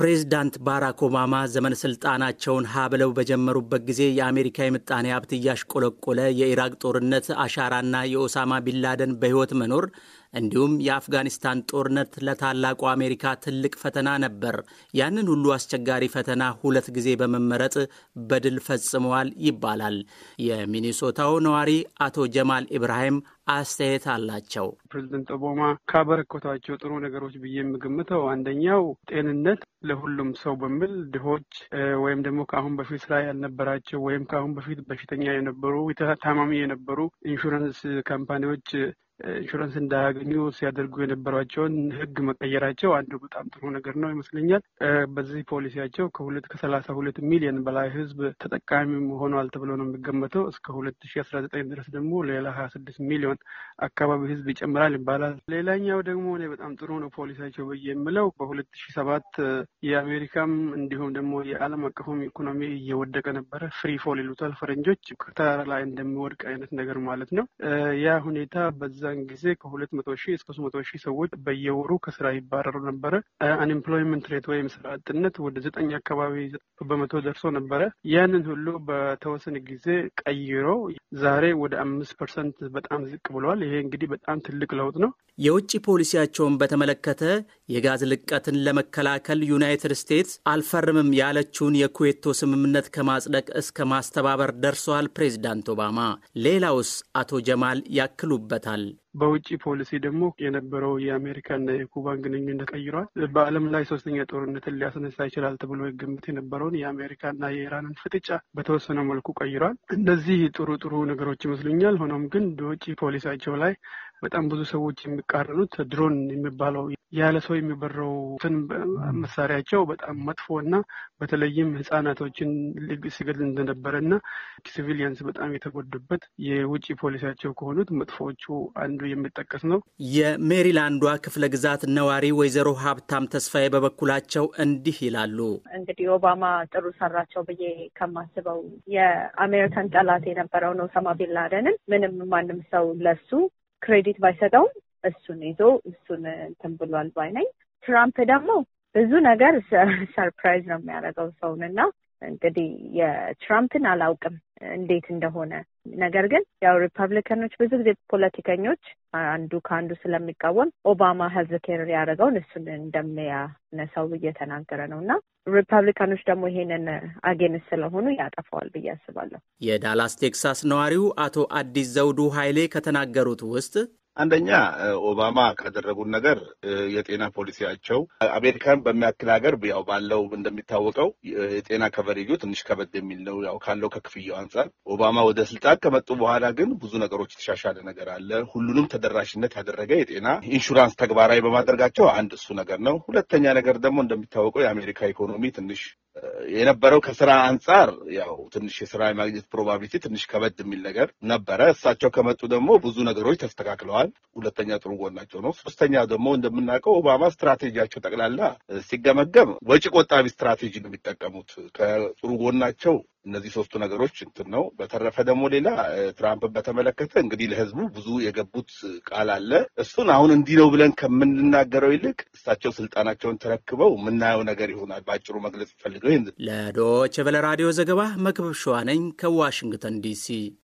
ፕሬዚዳንት ባራክ ኦባማ ዘመን ስልጣናቸውን ሀብለው በጀመሩበት ጊዜ የአሜሪካ የምጣኔ ሀብት እያሽቆለቆለ የኢራቅ ጦርነት አሻራና የኦሳማ ቢንላደን በሕይወት መኖር እንዲሁም የአፍጋኒስታን ጦርነት ለታላቁ አሜሪካ ትልቅ ፈተና ነበር። ያንን ሁሉ አስቸጋሪ ፈተና ሁለት ጊዜ በመመረጥ በድል ፈጽመዋል ይባላል። የሚኒሶታው ነዋሪ አቶ ጀማል ኢብራሂም አስተያየት አላቸው። ፕሬዚደንት ኦባማ ካበረከቷቸው ጥሩ ነገሮች ብዬ የምገምተው አንደኛው ጤንነት ለሁሉም ሰው በሚል ድሆች ወይም ደግሞ ከአሁን በፊት ስራ ያልነበራቸው ወይም ከአሁን በፊት በሽተኛ የነበሩ ታማሚ የነበሩ ኢንሹራንስ ካምፓኒዎች ኢንሹራንስ እንዳያገኙ ሲያደርጉ የነበሯቸውን ህግ መቀየራቸው አንዱ በጣም ጥሩ ነገር ነው ይመስለኛል። በዚህ ፖሊሲያቸው ከሁለት ከሰላሳ ሁለት ሚሊዮን በላይ ህዝብ ተጠቃሚ ሆኗል ተብሎ ነው የሚገመተው። እስከ ሁለት ሺ አስራ ዘጠኝ ድረስ ደግሞ ሌላ ሀያ ስድስት ሚሊዮን አካባቢ ህዝብ ይጨምራል ይባላል። ሌላኛው ደግሞ እኔ በጣም ጥሩ ነው ፖሊሲያቸው ብዬ የምለው በሁለት ሺ ሰባት የአሜሪካም እንዲሁም ደግሞ የዓለም አቀፉም ኢኮኖሚ እየወደቀ ነበረ። ፍሪ ፎል ይሉታል ፈረንጆች፣ ከተራራ ላይ እንደሚወድቅ አይነት ነገር ማለት ነው። ያ ሁኔታ በዛ በዛን ጊዜ ከሁለት መቶ ሺህ እስከ ሶስት መቶ ሺህ ሰዎች በየወሩ ከስራ ይባረሩ ነበረ። አንኤምፕሎይመንት ሬት ወይም ስራ አጥነት ወደ ዘጠኝ አካባቢ በመቶ ደርሶ ነበረ። ያንን ሁሉ በተወሰነ ጊዜ ቀይሮ ዛሬ ወደ አምስት ፐርሰንት በጣም ዝቅ ብለዋል። ይሄ እንግዲህ በጣም ትልቅ ለውጥ ነው። የውጭ ፖሊሲያቸውን በተመለከተ የጋዝ ልቀትን ለመከላከል ዩናይትድ ስቴትስ አልፈርምም ያለችውን የኩዌቶ ስምምነት ከማጽደቅ እስከ ማስተባበር ደርሰዋል ፕሬዚዳንት ኦባማ። ሌላውስ አቶ ጀማል ያክሉበታል። በውጭ ፖሊሲ ደግሞ የነበረው የአሜሪካና የኩባን ግንኙነት ቀይሯል። በዓለም ላይ ሶስተኛ ጦርነትን ሊያስነሳ ይችላል ተብሎ ግምት የነበረውን የአሜሪካና የኢራንን ፍጥጫ በተወሰነ መልኩ ቀይሯል። እነዚህ ጥሩ ጥሩ ነገሮች ይመስሉኛል። ሆኖም ግን በውጭ ፖሊሲያቸው ላይ በጣም ብዙ ሰዎች የሚቃረኑት ድሮን የሚባለው ያለ ሰው የሚበረው ትን መሳሪያቸው በጣም መጥፎ እና በተለይም ህጻናቶችን ሲገድል እንደነበረ እና ሲቪሊያንስ በጣም የተጎዱበት የውጭ ፖሊሲያቸው ከሆኑት መጥፎዎቹ አንዱ የሚጠቀስ ነው። የሜሪላንዷ ክፍለ ግዛት ነዋሪ ወይዘሮ ሀብታም ተስፋዬ በበኩላቸው እንዲህ ይላሉ። እንግዲህ ኦባማ ጥሩ ሰራቸው ብዬ ከማስበው የአሜሪካን ጠላት የነበረው ነው ሰማ ቢን ላደንን ምንም ማንም ሰው ለሱ ክሬዲት ባይሰጠውም እሱን ይዞ እሱን እንትን ብሏል ባይ ነኝ። ትራምፕ ደግሞ ብዙ ነገር ሰርፕራይዝ ነው የሚያደርገው ሰውን እና እንግዲህ የትራምፕን አላውቅም እንዴት እንደሆነ ነገር ግን ያው ሪፐብሊካኖች ብዙ ጊዜ ፖለቲከኞች አንዱ ከአንዱ ስለሚቃወም ኦባማ ሄልዝ ኬር ያደረገውን እሱን እንደሚያነሳው እየተናገረ ነው እና ሪፐብሊካኖች ደግሞ ይሄንን አጌንስ ስለሆኑ ያጠፋዋል ብዬ አስባለሁ። የዳላስ ቴክሳስ ነዋሪው አቶ አዲስ ዘውዱ ኃይሌ ከተናገሩት ውስጥ አንደኛ ኦባማ ካደረጉን ነገር የጤና ፖሊሲያቸው አሜሪካን በሚያክል ሀገር ያው ባለው እንደሚታወቀው የጤና ከቨሬጁ ትንሽ ከበድ የሚል ነው ያው ካለው ከክፍያው አንጻር። ኦባማ ወደ ስልጣን ከመጡ በኋላ ግን ብዙ ነገሮች የተሻሻለ ነገር አለ። ሁሉንም ተደራሽነት ያደረገ የጤና ኢንሹራንስ ተግባራዊ በማድረጋቸው አንድ እሱ ነገር ነው። ሁለተኛ ነገር ደግሞ እንደሚታወቀው የአሜሪካ ኢኮኖሚ ትንሽ የነበረው ከስራ አንጻር ያው ትንሽ የስራ የማግኘት ፕሮባቢሊቲ ትንሽ ከበድ የሚል ነገር ነበረ። እሳቸው ከመጡ ደግሞ ብዙ ነገሮች ተስተካክለዋል። ሁለተኛ ጥሩ ጎናቸው ነው። ሶስተኛ ደግሞ እንደምናውቀው ኦባማ ስትራቴጂያቸው ጠቅላላ ሲገመገም ወጪ ቆጣቢ ስትራቴጂ ነው የሚጠቀሙት። ከጥሩ ጎናቸው እነዚህ ሶስቱ ነገሮች እንትን ነው። በተረፈ ደግሞ ሌላ ትራምፕን በተመለከተ እንግዲህ ለህዝቡ ብዙ የገቡት ቃል አለ። እሱን አሁን እንዲህ ነው ብለን ከምንናገረው ይልቅ እሳቸው ስልጣናቸውን ተረክበው የምናየው ነገር ይሆናል። በአጭሩ መግለጽ ፈልገው ለዶይቼ ቬለ ራዲዮ ዘገባ መክብብ ሸዋነኝ ከዋሽንግተን ዲሲ